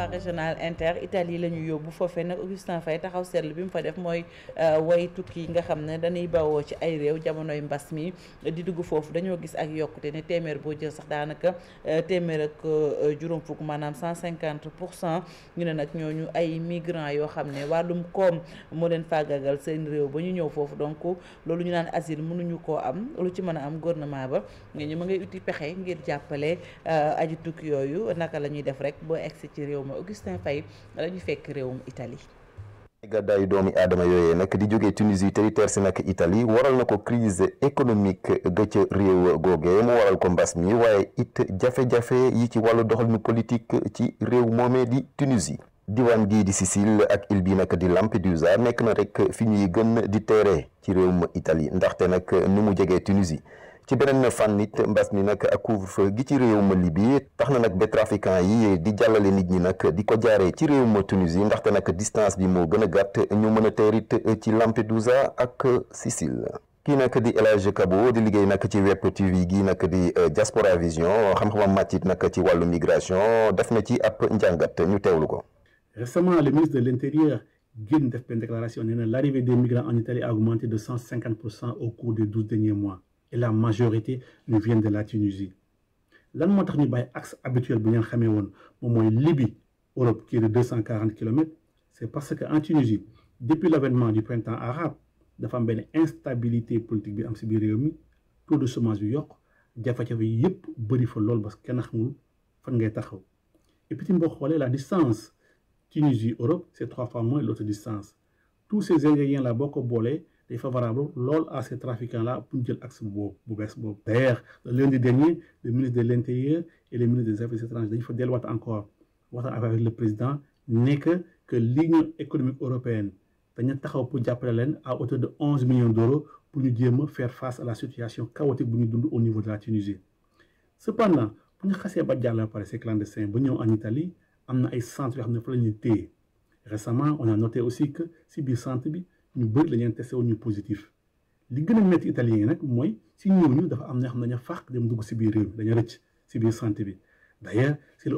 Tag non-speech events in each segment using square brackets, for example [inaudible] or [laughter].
voie régionale inter Italie la ñu yóbbu foofee nag Augustin Faye taxaw seetlu bi mu fa def mooy euh, way tukki nga xam ne dañuy bawoo ci ay réew jamonoy mbas mi di dugg foofu dañoo gis ak yokkute ne téeméer boo jël sax daanaka euh, téeméer ak euh, juróom fukk maanaam cent cinquante pour cent ñu ne nag ñooñu ay migrants yoo xam ne wàllum koom moo leen faagagal seen réew ba ñu ñëw foofu donc loolu ñu naan asile mënuñu koo am lu ci mën a am gouvernement ba ñu ma ngay uti pexe ngir jàppale aji tukki yooyu naka lañuy ñuy def rek boo egsi ci réew aadama Augustin Faye la ñu fekk réewum Italie gàddaayu doomi aadama yooyee nag di jógee Tunisie territoire si nag Italie waral na ko crise économique ga ca réew googee mu waral ko mbas mi waaye it jafe-jafe yi ci wàllu doxalinu politique ci réew moomee di Tunisie diwaan gii di Sicile ak île bi nag di Lampedusa nekk na rek fi ñuy gën di teere ci réewum Italie ndaxte nag nu mu jegee Tunisie ci beneen fànn nit mbas mi nag ak couvre-feu gi ci réew ma Libye tax na nag be trafiquant yi di jàllale nit ñi nag di ko jaaree ci réew ma Tunisie ndaxte nag distance bi moo gën a gàtt ñu mën a teerit ci Lampedusa ak Sicile kii nak di El Hadj Kabo di liggéey nag ci web TV gii nag di euh, Diaspora Vision xam-xamam màccit nag ci wàllu migration def na ci ab njàngat ñu teewlu ko. Récemment, le ministre de l'Intérieur génn def benn déclaration nee na l'arrivée des a augmenté de 150 pour cent au cours des douze derniers mois. et la majorité nous viennent de la Tunisie lan moo tax ñu bàyyi axe habituel bi ngeen xamee woon moo mooy Libye Europe qui est de deux cent quarante kilomètres c' parce que en Tunisie depuis l' avènement du printemps arabe dafa am benn instabilité politique bi am si biir réew mi taux de chômage bi yokk jafe-jafe yëpp bëri fa lool parce que kenn xamul fan ngay taxaw et puis boo xoolee la distance Tunisie Europe c' est trois fois moins l' autre distance tous ces ingrédients là boo ko boolee est favorable lool à ces trafiquants-là pour jël axe boobu bu bees boobu. d'ailleurs le lundi dernier le ministre de l'intérieur et le ministre des affaires étrangères dañu fa delluwaat le président ne que que l'union économique européenne dañu taxaw pour jàppale leen à hauteur de onze millions d'euros pour ñu jéem a faire face à la situation chaotique bu ñu dund au niveau de la Tunisie. cependant bu ñu ba jàll ba pare ces clandestins ba ñëw en Italie am na ay centres yoo xam ne fa la ñuy téye récemment on a noté aussi que si biir centre bi. ñu bëri dañu en testé woon ñu positif li gën a métti italien yi nag mooy si ñooñu dafa am ñoo xam ne dañu fàq dem dugg si biir réew dañu rëcc si biir santé bi d' ailleurs si la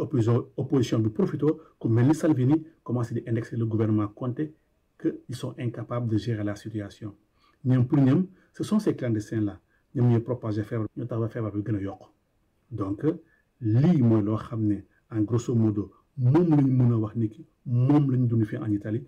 opposition bi profito ku mel ni Salvini commencé di indexer le gouvernement Conte que ils sont incapables de gérer la situation ñoom pour ñoom ce sont ces clandestins la ñoom ñooy propager feebar ñu tax ba feebar bi gën a yokk donc lii mooy loo xam ne en grosso modo moom lañ mën a wax ni ki moom lañ dund fii en Italie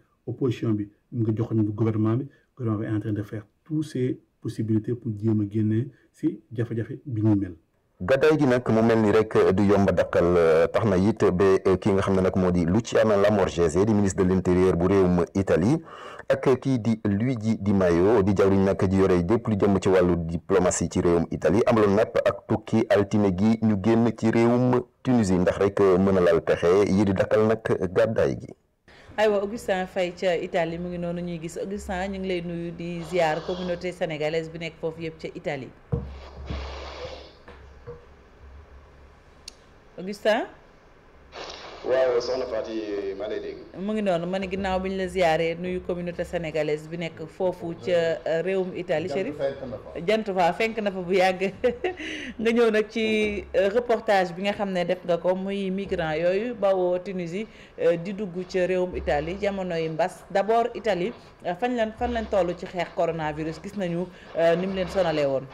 bi. nga joxoñ bu gouvernement bi gouvernement bi est en train de faire toutes ces possibilités pour jéem a génne si jafe-jafe bi ñu mel. gàddaay gi nag mu mel ni rek du yomba dakkal euh, tax na it be euh, kii nga xam ne nag moo di Luciana Lamorgese di ministre de l'intérieur bu réewum Italie ak kii di Luigi Di mayo di jawriñ nak ji yore lépp lu jëm ci wàllu diplomatie ci réewum Italie amaloon nag ak tukki altine gi ñu génn ci réewum Tunisie ndax rek euh, mën a laal pexe yi di dakkal nag gàddaay gi. aywa Augustin Faye ca Italie mu ngi noonu ñuy gis Augustin ñu ngi lay nuyu di ziar communauté sénégalaise bi nekk foofu yëpp ca Italie Augustin waaw mu ngi noonu ma ne ginnaaw bi ñu la ziyaaree nuyu communauté sénégalaise bi nekk foofu ca euh, réewum Italie Chérif jant fa fenk na fa bu yàgg [laughs] nga ñëw nag ci euh, reportage bi nga xam ne def nga ko muy migrant yooyu bawoo Tunisie euh, di dugg ca réewum Italie jamono yi mbas d'abord itali fañ leen fan leen toll ci xeex coronavirus gis nañu ni mu leen sonalee woon.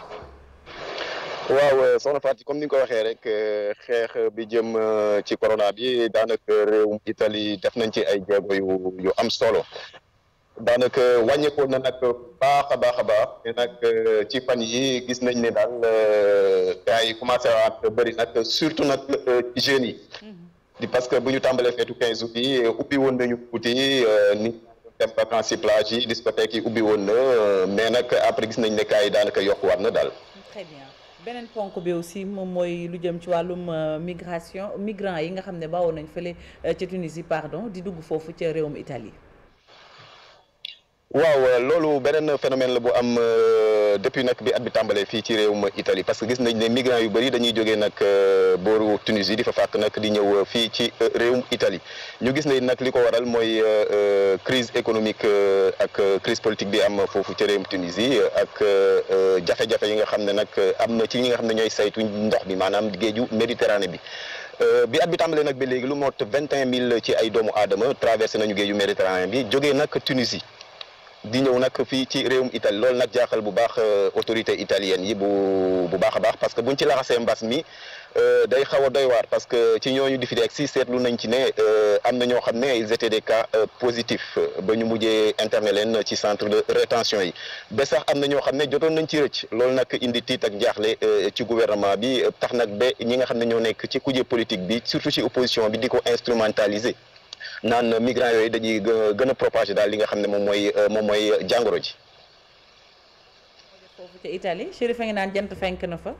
waaw euh, soxna Fatou comme ni nga koy waxee rek euh, xeex bi jëm euh, ci corona bi daanaka réewum Italie def nañ ci ay jéego yu yu am solo daanaka wàññeekoon na nag baax a baax a baax te nag ci fan yi gis nañ ne daal gars yi commencé waat bëri nag surtout nag ci jeunes yi. Mm-hmm. parce que bu ñu tàmbalee feetu quinze août yi ubbi woon nañu tuuti ni. dem vacances yi plage yi discothèque yi ubbi woon na mais nag après gis nañ ne kaay daanaka yokkuwaat na daal. beneen ponk bi aussi moom mooy lu jëm ci wàllum euh, migration migrants yi nga xam ne bawoo nañu fële euh, ca Tunisie pardon di dugg foofu ca réewum Italie. waaw euh, loolu beneen phénomène la bu am euh, depuis nag bi at bi tàmbalee fii ci réewum itali parce que gis nañ ne migrants yu bëri dañuy jóge nag euh, booru Tunisie di fa fàkk nag di ñëw fii ci réewum itali ñu gis nañ nag li ko waral mooy crise économique ak crise politique bi am foofu ci réewum Tunisie ak jafe-jafe yi nga xam ne nag am na ci ñi nga xam ne ñooy saytu ndox bi maanaam géeju Méditerranée bi bi at bi tàmbalee nag ba léegi lu mott vingt et un mille ci ay doomu aadama traversé nañu géeju Méditerranée bi jógee nag Tunisie di ñëw nag fii ci réewum Italie loolu nag jaaxal bu baax euh, autorité italienne yi bu bu baax a baax parce que bu ñu ci laxasee mbas mi euh, day xaw a waar parce que ci ñooñu di fi rek si seetlu nañ ci ne euh, am na ñoo xam ne ils étaient des cas positif ba ñu mujjee interné leen ci centre de rétention yi ba sax am na ñoo xam ne jotoon nañ ci rëcc loolu nag indi tiit ak jaaxle ci gouvernement bi tax nag ba ñi nga xam ne ñoo nekk ci kujje politique bi surtout ci opposition bi di ko instrumentaliser. naan migrants yooyu dañuy gën a propager daal li nga xam ne moom mooy euh, moom mooy jàngoro ji. foofu ca Italie Chérif a ngi naan jant fenk na fa.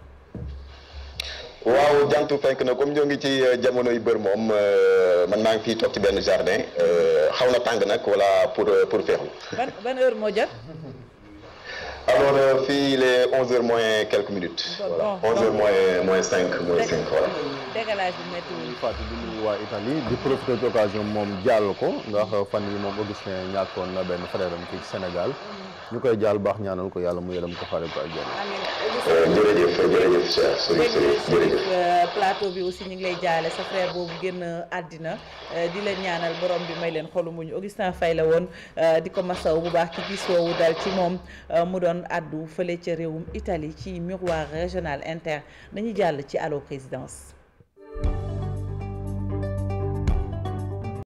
waaw jantu fenk na comme ñoo ngi ci euh, jamonoy bër moom euh, man maa ngi fii toog ci benn jardin xaw na tàng nag wala pour pour feexlu. ban heure moo jot. [laughs] alors euh, fii il est 11h moins quelques minutes. voilà 11h moins moins 5 moins 5 voilà. dégalage bi métti wu ñu waa Italie di profité d'occasion moom jàll ko ndax fan yi moom Augustin ñàkkoon na benn frère am fii Sénégal. ñu koy jaal baax ñaanal ko yàlla mu yërëm ko xaare ko àjjana euh, jërëjëf jërëjëf Serigne Serigne jërëjëf euh, plateau bi aussi ñu ngi lay jaale sa frère boobu génn àddina euh, di leen ñaanal borom bi may leen xolu muñu Augustin Faye la woon di ko masaw bu baax ci gis woowu dal ci moom mu doon addu fële ca réewum Italie ci miroir régional inter nañu jàll ci allo présidence